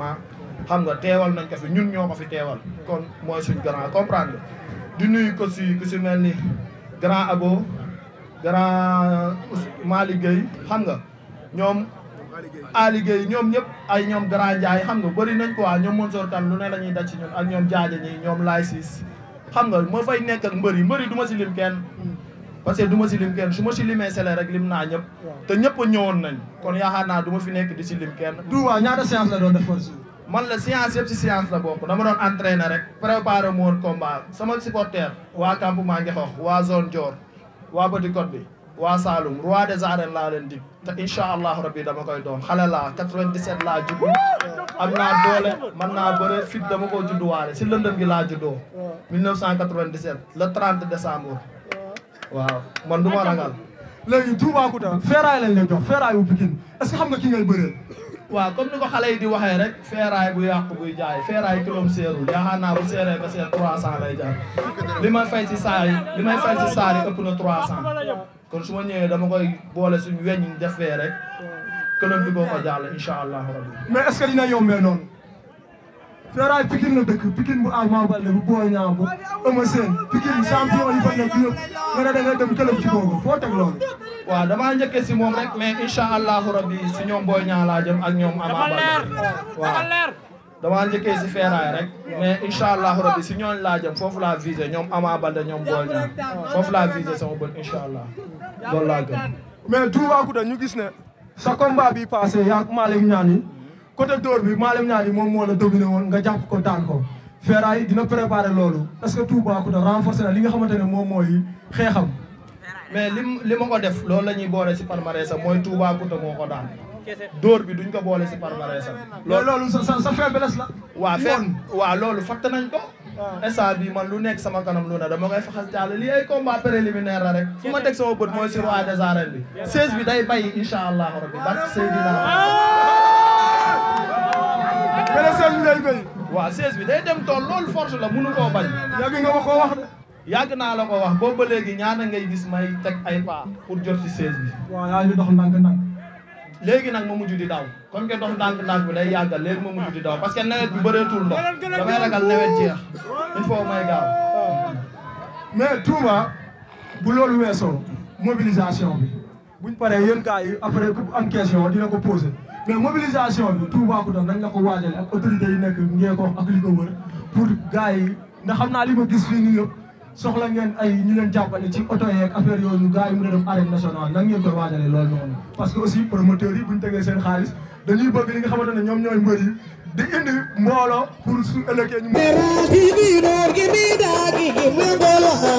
département xam nga teewal nañ ko fi ñun ñoo ko fi teewal kon mooy suñ grand comprendre di nuyu ko si ku si mel ni grand abo grand Malick liggéey xam nga ñoom Ali Gueye ñoom ñëpp ay ñoom grand Ndiaye xam nga bari nañ ko waa ñoom Mansour Kane lu ne la ñuy ñun ak ñoom jaaja ñoom laay siis xam nga moo fay nekk ak mbër yi mbër si lim parce que du ma si lim su ma si limee sele rek lim naa ñëpp te ñëpp a nañ kon yaakaar naa du ma fi nekk di si lim kenn Touba ñaata séance la doon def par jour man la séance yëpp si séance la bokk dama doon entraîné rek préparé mu woon combat sama supporter waa campement Ngexox waa zone Dior waa Petit Côte waa Saloum roi des arènes laa leen dig te incha allahu rabbi dama koy doon xale laa 97 laa am naa doole man naa bëre fit dama koo judduwaale si lëndëm gi laa juddoo 1997 le 30 décembre waaw man du ma ragal. léegi Toubacouta feeraay lañ lay jox feeraayu Pikine est-ce que xam nga ki ngay bëreel. waaw comme ni ko xale yi di waxee rek feeraay bu yàqu buy jaay feeraay kilom seerul yaakaar naa bu seeree ba seer 300 lay jar li may fay ci saa yi li may fay ci saa yi ëpp na 300 kon su ma ñëwee dama koy boole suñu weñ ñu def fee rek këlëm bi boo ko jaal incha allah rabbi mais est-ce que dina yombee noonu. Feeraay Pikine la dëkk Pikine bu Ama Baldé bu Boy Niang bu Eumeu Sène Pikine champion yi fa nekk yëpp nga ne da dem këlëb ci boobu foo teg loolu. waaw damaa njëkkee si moom rek mais incha allah rabi si ñoom Boy Niang laa jëm ak ñoom Ama Baldé waaw damaa njëkkee si Feeraay rek mais incha allah rabi si ñoom laa jëm foofu laa visé ñoom Ama Baldé ñoom Boy Niang foofu laa visé sama bët incha allah loolu laa gëm. mais Toubacouta ñu gis ne sa combat bi passé côté dóor bi Malick Niang yi moom moo la dominé woon nga jàpp ko daan ko Fera yi dina préparer loolu est-ce que Toubacouta renforcer na li nga xamante ne moom mooy xeexam. mais li li ma ko def loolu la ñuy boole si palmarès am mooy Toubacouta moo ko daan dóor bi duñ ko boole si palmarès am. loolu sa sa sa faiblesse la. waaw faible waaw loolu fàtte nañ ko. Ah. instant bi man lu nekk sama kanam lu ne dama koy faxas jàll li ay combat préliminaire la rek fu ma teg sama bët yàlla seize bi day bi day dem tool loolu force la munu koo bañ. yàgg nga ma koo wax de. yàgg naa la ko wax boobu ba léegi ñaata ngay gis may teg ay pas pour jot ci seize bi. waaw yaa ngi dox ndànk-ndànk. léegi nag ma mujj di daw comme que dox nang ndànk bi day yàggal léegi ma mujj di daw parce que nawet bi bëreetul ndox damay ragal nawet jeex il faut may gaaw. mais Touba bu loolu weesoo mobilisation bi buñ paree yen gars yi après ku am question dina ko mais mobilisation bi Toubacouta nañ la ko waajal ak autorité yi nekk Ngeko ak li wër pour gars yi naa li ma gis fii nii yëpp soxla ngeen ay ñu leen jàppale ci oto yeeg affaire yooyu gars yi mën a dem arène nan ngeen koy waajalee loolu parce que aussi promoteurs yi bu ñu tegee seen xaalis dañuy bëgg li nga xamante ne ñoom ñooy mbër di indi mbooloo pour su ëllëgee ñu.